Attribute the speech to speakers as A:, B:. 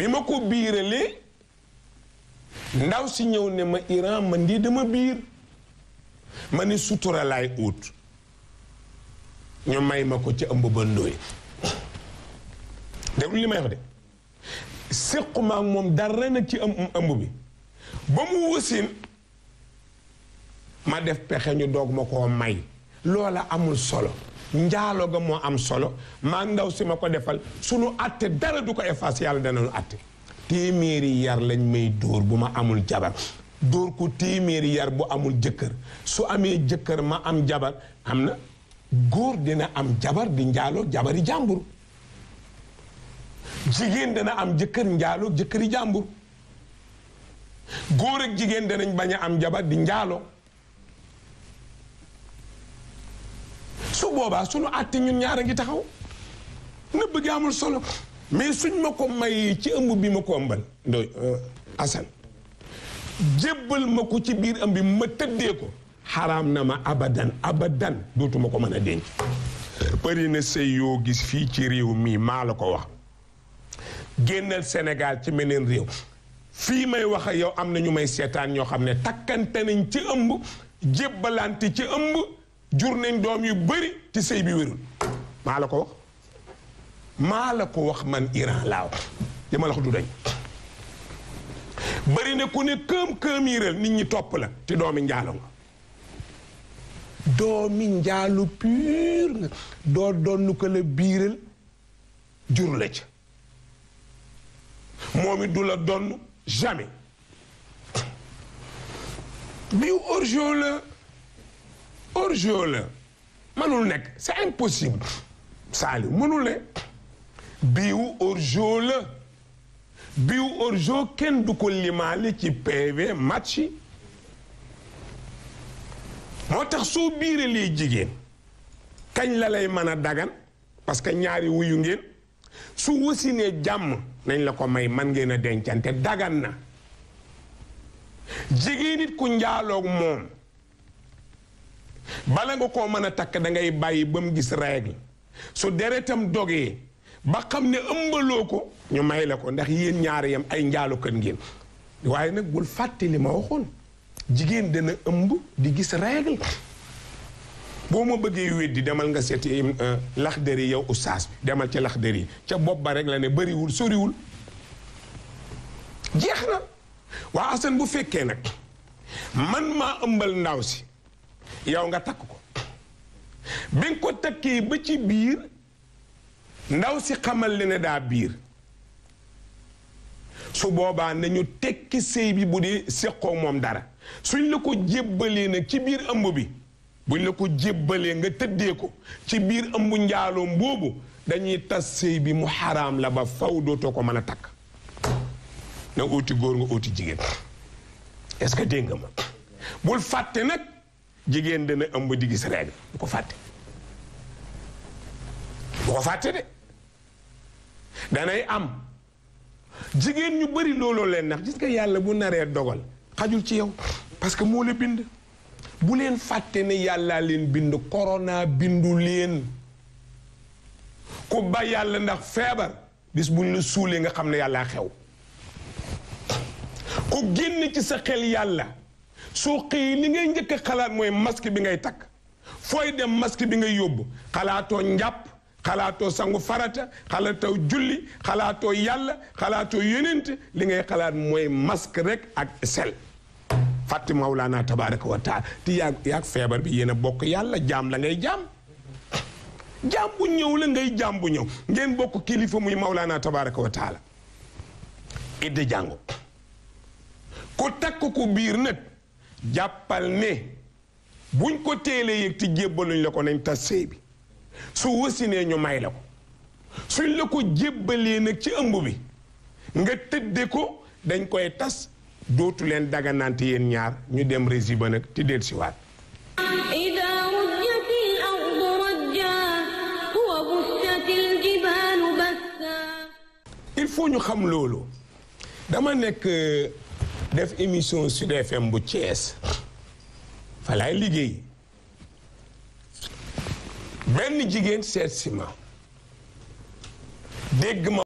A: bi ma ko biiralee ndaw si ñëw ne ma Iran ma di dama biir ma ni sutura laay ut ñu may ma ko ci ëmb ba ndóoy déglu li may wax de séquma ak moom dara nag ci ëmb bi ba mu wasin ma def pexe ñu doog ma koo may loola amul solo njaalo ga moo am solo maa ndaw si ma ko defal sunu atte dara du ko efface yàlla danañu atte téeméeri yar lañ may dóor bu ma amul jabar dóor ko téeméeri yar bu amul jëkkër su amee jëkkër ma am jabar am na góor dina am jabar di njaaloo jabari jàmbur jigéen dana am jëkkër njaaloo jëkkëri jàmbur góor ak jigéen danañ bañ a am jabar di njaaloo su boobaa sunu àtte ñun ñaar a ngi taxaw nëbb gi amul solo mais suñ ma ko may ci ëmb bi ma ko ëmbal do euh, jébbal ma ko ci biir ëmb bi ma tëddee ko xaraam na ma abadan abadan dootuma ko mën a denc bëri sëy yoo gis fii ci réew mii maa la ko wax génnal senegal ci meneen réew fii may wax ak yow am na ñu may seetaan ñoo xam ne takkante nañ ci ëmb jébbalante ci ëmb jur nañ doom yu bari te sëy bi wérul maa la ko wax maa la ko wax man Iran laa wax li ma du dañ bëri na ku ne këëm këëm nit ñi topp la te doomi njaalo nga doomi njaalu pur nga doo donn ko la biiral jur la ca moom it du la donn jamais biu orjo la hors-jeu la mënul nekk c'est impossible Saliou mënul ne biiwu hors la biiwu hors kenn du ko limaale ci PV match moo tax soo biiralee jigéen kañ la lay mën a dagan parce que ñaari wuyu ngeen su wasinee jàmm nañ la ko may man ngeen a dencante dagan na jigéenit it ku njaaloog moom bala nga koo mën a takk dangay bàyyi ba mu gis règle su deretam dogee ba xam ne ëmbaloo ko ñu may la ko ndax yéen ñaari yam ay njaalu kën ngeen waaye nag bul fàtte li ma waxoon jigéen dana ëmb di gis règle boo ma bëggee weddi demal nga lax eh, euh, Laxdari yow oustaz bi demal ci Laxdari ca bopp ba rek la ne bariwul soriwul jeex na waa asan bu fekkee nag man maa ëmbal ndaw si yow nga takk ko bi ko takkee ba ci biir ndaw si xamal li ne daa biir su boobaa nañu tekki sëy bi bu dee séqoo moom dara suñ la ko jébbalee nag ci biir ëmb bi buñ la ko jébbalee nga tëddee ko ci biir ëmb njaaloom boobu dañuy tas sëy bi mu xaraam la ba faw dootoo ko mën a takk na óoti góor nga óoti jigéen est-ce ma bul fàtte nag jigéen dana ëmb di gis règle bu ko fàtte bu ko fàtte de danay am jigéen ñu bari looloo leen ndax gis nga yàlla bu naree dogal xajul ci yow parce que moo la bind bu leen fàtte ne yàlla leen bind korona bindu leen ku ba yàlla ndax feebar bis buñ la suulee nga xam ne yàlla xew ku génn ci sa xel yàlla soo xëyee li ngay njëkk a xalaat mooy masque bi ngay takk fooy dem masque bi ngay yóbbu xalaatoo njàpp xalaatoo sangu farata xalaatoo julli xalaatoo yàlla xalaatoo yonent li ngay xalaat mooy masque rek ak sel fàtti mawlaana tabaraka wa taala te feebar bi yéen a bokk yàlla jaam la ngay jaam jaam bu ñëw la ngay jaam bu ñëw ngeen bokk kilifa muy mawlaana tabaraka wa taala idda jàngo ku takk ku biir nag jàppal ne buñ ko teelee yëg te jébbaluñ la ko nañ tas sëy bi su wasinee ñu may la ko suñ la ko jébbalee nag ci ëmb bi nga tëdde ko dañ koy tas dootu leen daganante yéen ñaar ñu dem rési ba nag ti del siwaat il faut ñu xam loolu dama nekk euh, def émission Sud bu Thiès fa liggéey benn jigéen seet ma dégg ma